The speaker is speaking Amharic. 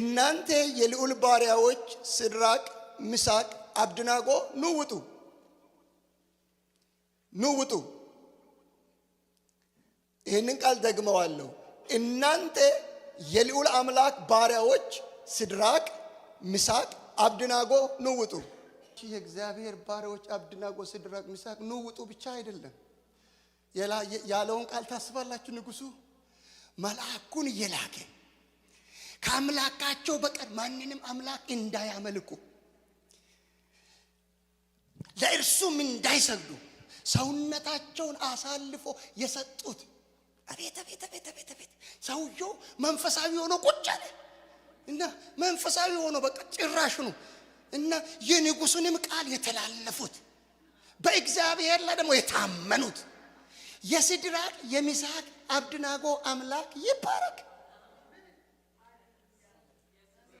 እናንተ የልዑል ባሪያዎች ስድራቅ ምሳቅ አብድናጎ ኑ ውጡ፣ ኑ ውጡ። ይህንን ቃል ደግመዋለሁ። እናንተ የልዑል አምላክ ባሪያዎች ስድራቅ ምሳቅ አብድናጎ ኑ ውጡ። የእግዚአብሔር ባሪያዎች አብድናጎ፣ ስድራቅ፣ ምሳቅ ኑ ውጡ ብቻ አይደለም ያለውን ቃል ታስባላችሁ። ንጉሱ መልአኩን እየላከ ከአምላካቸው በቀር ማንንም አምላክ እንዳያመልኩ ለእርሱም እንዳይሰግዱ ሰውነታቸውን አሳልፎ የሰጡት። አቤት አቤት አቤት አቤት አቤት! ሰውየው መንፈሳዊ ሆኖ ቁጭ አለ እና መንፈሳዊ ሆኖ በቃ ጭራሽ ነው እና የንጉሱንም ቃል የተላለፉት በእግዚአብሔር ላይ ደግሞ የታመኑት የሲድራቅ የሚሳቅ አብድናጎ አምላክ ይባረክ።